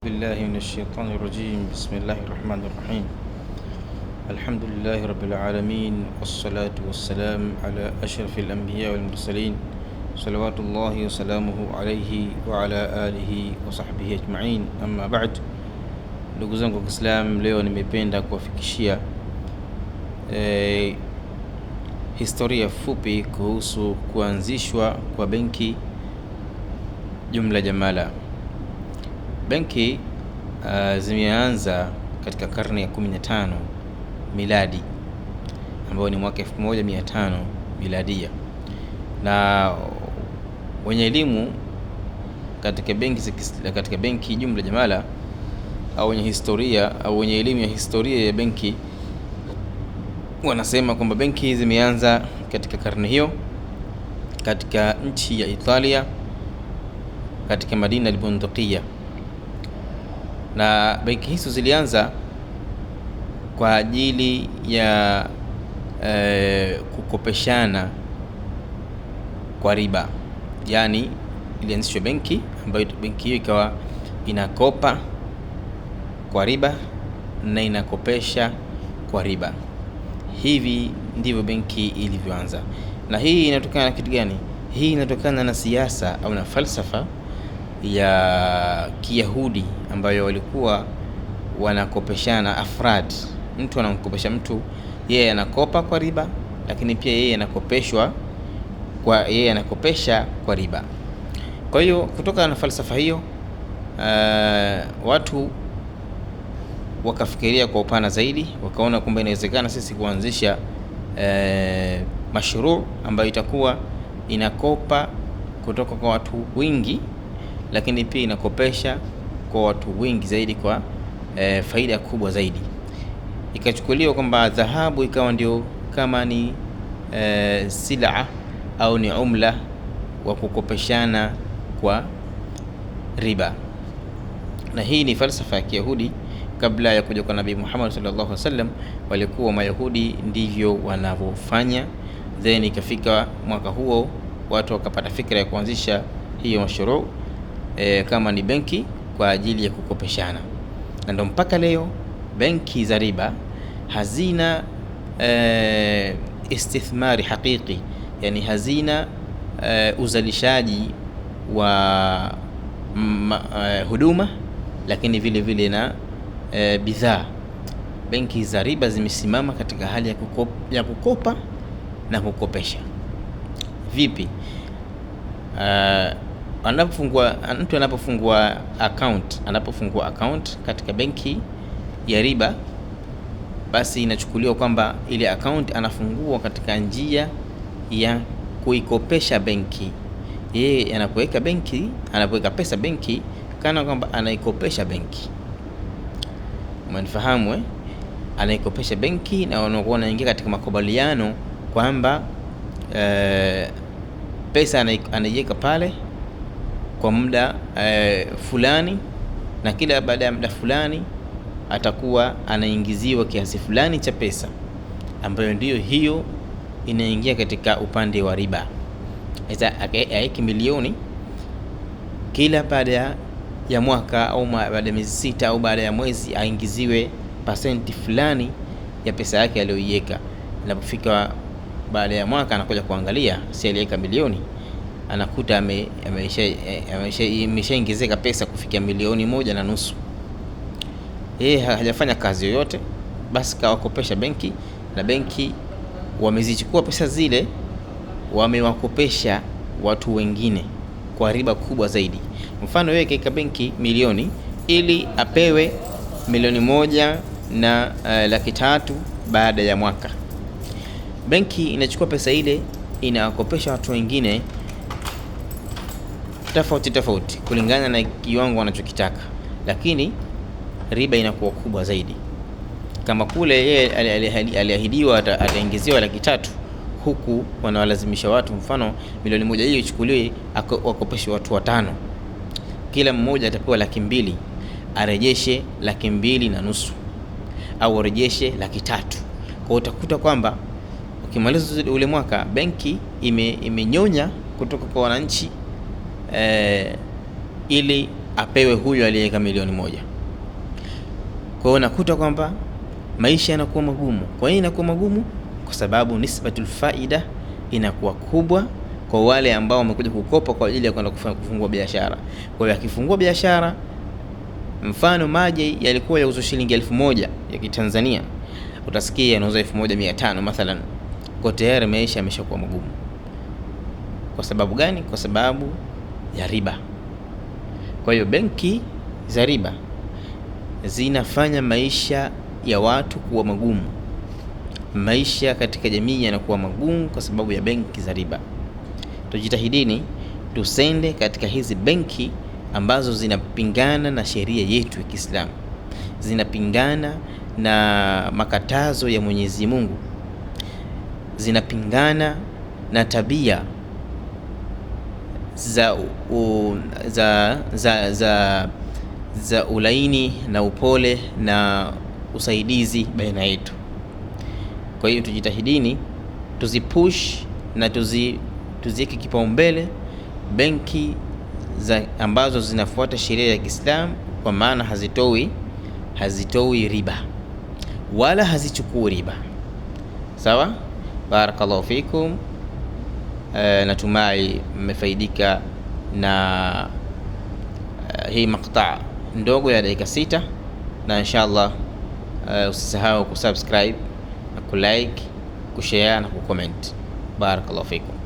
بالله من الشيطان الرجيم بسم الله الرحمن الرحيم الحمد لله رب العالمين والصلاة والسلام على أشرف الأنبياء والمرسلين صلوات الله وسلامه عليه وعلى آله وصحبه أجمعين أما بعد ndugu zangu ليون مبين leo nimependa kuwafikishia هستوريا فوبي كوسو كوانزيشوا كوبنكي جملة جمالا benki uh, zimeanza katika karne ya 15 miladi ambayo ni mwaka 1500 miladia, na wenye elimu katika benki katika benki jumla jamala au wenye historia au wenye elimu ya historia ya benki wanasema kwamba benki zimeanza katika karne hiyo katika nchi ya Italia katika Madina al na benki hizo zilianza kwa ajili ya e, kukopeshana kwa riba, yaani ilianzishwa benki ambayo benki hiyo ikawa inakopa kwa riba na inakopesha kwa riba. Hivi ndivyo benki ilivyoanza. Na hii inatokana na kitu gani? Hii inatokana na siasa au na falsafa ya Kiyahudi ambayo walikuwa wanakopeshana afrad, mtu anamkopesha mtu, yeye anakopa kwa riba, lakini pia yeye anakopeshwa kwa, yeye anakopesha kwa riba. Kwa hiyo kutoka na falsafa hiyo uh, watu wakafikiria kwa upana zaidi, wakaona kwamba inawezekana sisi kuanzisha uh, mashuru ambayo itakuwa inakopa kutoka kwa watu wengi lakini pia inakopesha kwa watu wengi zaidi kwa e, faida kubwa zaidi. Ikachukuliwa kwamba dhahabu ikawa ndio kama ni e, eh, sila au ni umla wa kukopeshana kwa riba, na hii ni falsafa ya Kiyahudi kabla ya kuja kwa Nabii Muhammad sallallahu alaihi wasallam, walikuwa Mayahudi ndivyo wanavyofanya. Then ikafika mwaka huo watu wakapata fikra ya kuanzisha hiyo mashuruu e, kama ni benki kwa ajili ya kukopeshana, na ndo mpaka leo benki za riba hazina e, istithmari haqiqi, yani hazina e, uzalishaji wa m, e, huduma lakini vile vile na e, bidhaa. Benki za riba zimesimama katika hali ya kukopa, ya kukopa na kukopesha. Vipi? Uh, anapofungua mtu anapofungua account anapofungua account katika benki ya riba, basi inachukuliwa kwamba ile account anafungua katika njia ya kuikopesha benki. Yeye anapoweka benki, anapoweka pesa benki, kana kwamba anaikopesha benki, umenifahamu eh? Anaikopesha benki na wanakuwa wanaingia katika makubaliano kwamba eh, pesa anaiweka pale kwa muda e, fulani, na kila baada ya muda fulani atakuwa anaingiziwa kiasi fulani cha pesa ambayo ndiyo hiyo inaingia katika upande wa riba. Sasa aweke eh, milioni kila baada ya mwaka au baada ya miezi sita au baada ya mwezi aingiziwe pasenti fulani ya pesa yake aliyoiweka. Inapofika baada ya mwaka anakuja kuangalia si aliweka milioni anakuta imeshaingizeka pesa kufikia milioni moja na nusu. Yeye hajafanya kazi yoyote, basi kawakopesha benki, na benki wamezichukua pesa zile, wamewakopesha watu wengine kwa riba kubwa zaidi. Mfano, yeye kaika benki milioni ili apewe milioni moja na uh, laki tatu baada ya mwaka, benki inachukua pesa ile inawakopesha watu wengine tofauti tofauti kulingana na kiwango wanachokitaka, lakini riba inakuwa kubwa zaidi. Kama kule yeye aliahidiwa ataingiziwa laki tatu, huku wanawalazimisha watu, mfano milioni moja hiyo ichukuliwe wakopeshe watu watano, kila mmoja atapewa laki mbili, arejeshe laki mbili na nusu au arejeshe laki tatu. Kwa utakuta kwamba ukimaliza ule mwaka benki imenyonya ime kutoka kwa wananchi eh, ili apewe huyo aliyeweka milioni moja. Kwa hiyo unakuta kwamba maisha yanakuwa magumu. Kwa nini inakuwa magumu? Kwa sababu nisbatul faida inakuwa kubwa kwa wale ambao wamekuja kukopa kwa ajili ya kwenda kufungua biashara. Kwa hiyo akifungua biashara, mfano maji yalikuwa yauzwa shilingi elfu moja ya Kitanzania, utasikia yanauza elfu moja mia tano mathalan. Kwa tayari maisha yameshakuwa magumu. Kwa sababu gani? Kwa sababu ya riba. Kwa hiyo benki za riba zinafanya maisha ya watu kuwa magumu, maisha katika jamii yanakuwa magumu kwa sababu ya benki za riba. Tujitahidini tusende katika hizi benki ambazo zinapingana na sheria yetu ya Kiislamu, zinapingana na makatazo ya Mwenyezi Mungu, zinapingana na tabia za, u, za, za, za, za ulaini na upole na usaidizi baina yetu. Kwa hiyo tujitahidini tuzipush na tuziweke kipaumbele benki za ambazo zinafuata sheria ya Kiislamu kwa maana hazitoi hazitoi riba wala hazichukui riba. Sawa, barakallahu fikum e, natumai mmefaidika na e, hii maqta ndogo ya dakika sita, na inshallah e, usisahau kusubscribe na kulike, kushare na kucomment. Barakallahu fikum.